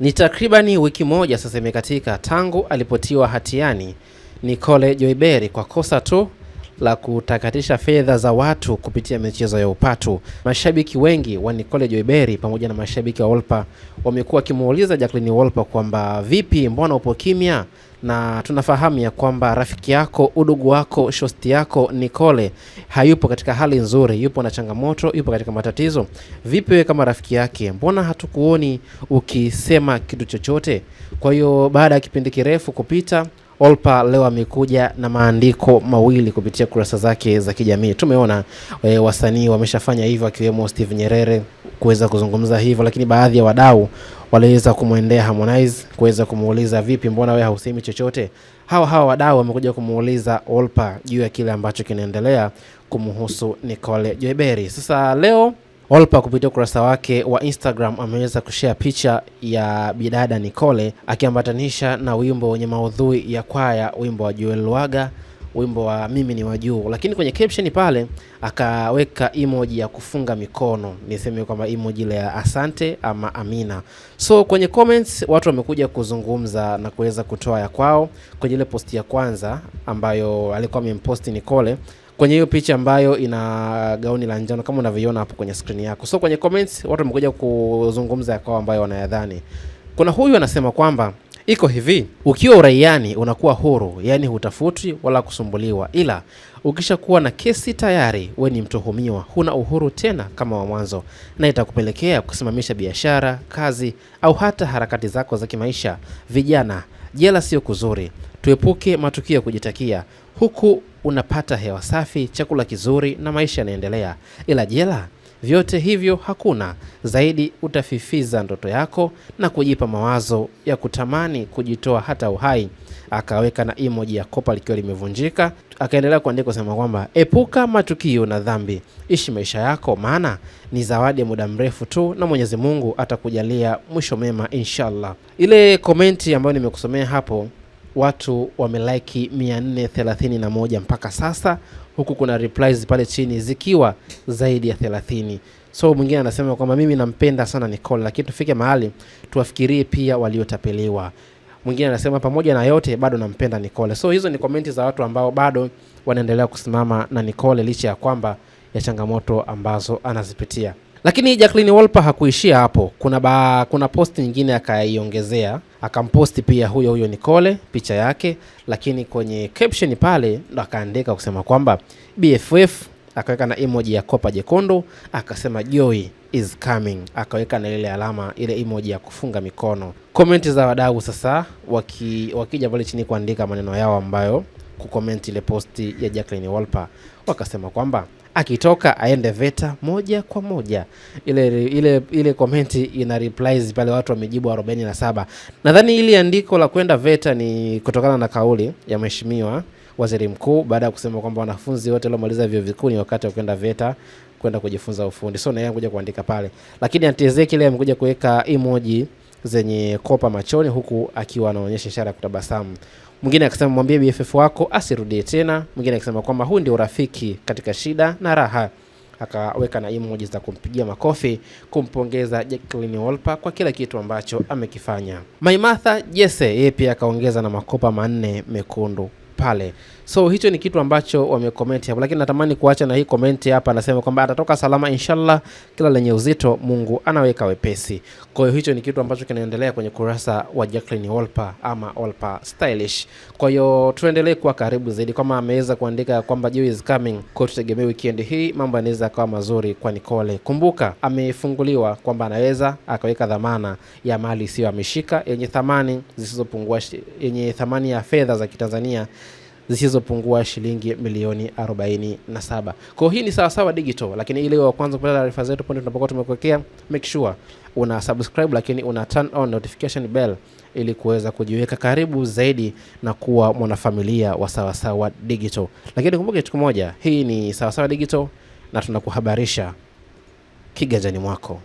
Ni takribani wiki moja sasa imekatika tangu alipotiwa hatiani Nicole Joyberry kwa kosa tu la kutakatisha fedha za watu kupitia michezo ya upatu. Mashabiki wengi wa Nicole Joyberry pamoja na mashabiki wa Wolper wamekuwa wakimuuliza Jacqueline Wolper kwamba vipi, mbona upo kimya? na tunafahamu ya kwamba rafiki yako, udugu wako, shosti yako Nicole hayupo katika hali nzuri, yupo na changamoto, yupo katika matatizo. Vipi wewe kama rafiki yake, mbona hatukuoni ukisema kitu chochote? Kwa hiyo baada ya kipindi kirefu kupita Olpa leo amekuja na maandiko mawili kupitia kurasa zake za kijamii. Tumeona e, wasanii wameshafanya hivyo akiwemo Steve Nyerere kuweza kuzungumza hivyo, lakini baadhi ya wadau waliweza kumwendea Harmonize kuweza kumuuliza vipi, mbona wewe hausemi chochote? Hawa hawa wadau wamekuja kumuuliza Olpa juu ya kile ambacho kinaendelea kumhusu Nicole Joyberry. Sasa leo Olpa kupitia ukurasa wake wa Instagram ameweza kushea picha ya bidada Nicole akiambatanisha na wimbo wenye maudhui ya kwaya, wimbo wa Joel Lwaga, wimbo wa mimi ni wa juu, lakini kwenye caption pale akaweka emoji ya kufunga mikono, niseme kwamba emoji ile ya asante ama amina. So kwenye comments watu wamekuja kuzungumza na kuweza kutoa ya kwao kwenye ile posti ya kwanza ambayo alikuwa amemposti Nicole kwenye hiyo picha ambayo ina gauni la njano kama unavyoiona hapo kwenye skrini yako. So kwenye comments watu wamekuja kuzungumza yakao ambayo wanayadhani. Kuna huyu anasema kwamba iko hivi, ukiwa uraiani unakuwa huru, yaani hutafutwi wala kusumbuliwa, ila ukishakuwa na kesi tayari we ni mtuhumiwa, huna uhuru tena kama wa mwanzo, na itakupelekea kusimamisha biashara, kazi au hata harakati zako za kimaisha. Vijana, jela sio kuzuri, tuepuke matukio ya kujitakia huku unapata hewa safi, chakula kizuri na maisha yanaendelea. Ila jela, vyote hivyo hakuna. Zaidi utafifiza ndoto yako na kujipa mawazo ya kutamani kujitoa hata uhai. Akaweka na emoji ya kopa likiwa limevunjika, akaendelea kuandika kusema kwamba epuka matukio na dhambi, ishi maisha yako, maana ni zawadi ya muda mrefu tu, na Mwenyezi Mungu atakujalia mwisho mema inshallah. Ile komenti ambayo nimekusomea hapo watu wamelaiki 431 mpaka sasa, huku kuna replies pale chini zikiwa zaidi ya 30. So mwingine anasema kwamba mimi nampenda sana Nicole, lakini tufike mahali tuwafikirie pia waliotapeliwa. Mwingine anasema pamoja na yote bado nampenda Nicole. So hizo ni komenti za watu ambao bado wanaendelea kusimama na Nicole licha ya kwamba ya changamoto ambazo anazipitia. Lakini Jacqueline Wolper hakuishia hapo. Kuna, ba, kuna posti nyingine akaiongezea akamposti pia huyo huyo Nicole picha yake, lakini kwenye caption pale ndo akaandika kusema kwamba BFF, akaweka na emoji ya kopa jekundu, akasema joy is coming, akaweka na ile alama ile emoji ya kufunga mikono. Komenti za wadau sasa waki, wakija pale chini kuandika maneno yao ambayo kukomenti ile posti ya Jacqueline Wolper, wakasema kwamba akitoka aende VETA moja kwa moja. Ile ile ile komenti ina replies pale, watu wamejibu 47. Nadhani ili andiko la kwenda VETA ni kutokana na kauli ya mheshimiwa waziri mkuu baada ya kusema kwamba wanafunzi wote waliomaliza vyuo vikuu ni wakati wa kwenda VETA kwenda kujifunza ufundi. So yeye kuja kuandika pale, lakini Anti Ezekiel amekuja kuweka emoji zenye kopa machoni, huku akiwa anaonyesha ishara ya kutabasamu. Mwingine akasema mwambie BFF wako asirudie tena. Mwingine akasema kwamba huu ndio urafiki katika shida na raha, akaweka na emoji za kumpigia makofi kumpongeza Jacqueline wolpe kwa kila kitu ambacho amekifanya. maimatha Jesse yeye pia akaongeza na makopa manne mekundu pale. So hicho ni kitu ambacho wamekomenti hapo, lakini natamani kuacha na hii komenti hapa, anasema kwamba atatoka salama inshallah, kila lenye uzito Mungu anaweka wepesi. Kwa hiyo hicho ni kitu ambacho kinaendelea kwenye kurasa wa Jacqueline Wolper ama Wolper Stylish. Kwa hiyo tuendelee kuwa karibu zaidi, kama ameweza kuandika kwamba Joy is coming, kwa tutegemee weekend hii mambo yanaweza akawa mazuri kwa Nicole. Kumbuka amefunguliwa kwamba anaweza akaweka dhamana ya mali ameshika yenye thamani zisizopungua yenye thamani ya fedha za Kitanzania zisizopungua shilingi milioni 47. Kwa hii ni sawasawa digital, lakini ile wa kwanza kupata taarifa zetu punde tunapokuwa tumekuwekea, make sure una subscribe, lakini una turn on notification bell ili kuweza kujiweka karibu zaidi na kuwa mwanafamilia wa sawasawa digital. Lakini kumbuka kitu kimoja, hii ni sawasawa digital na tunakuhabarisha kiganjani mwako.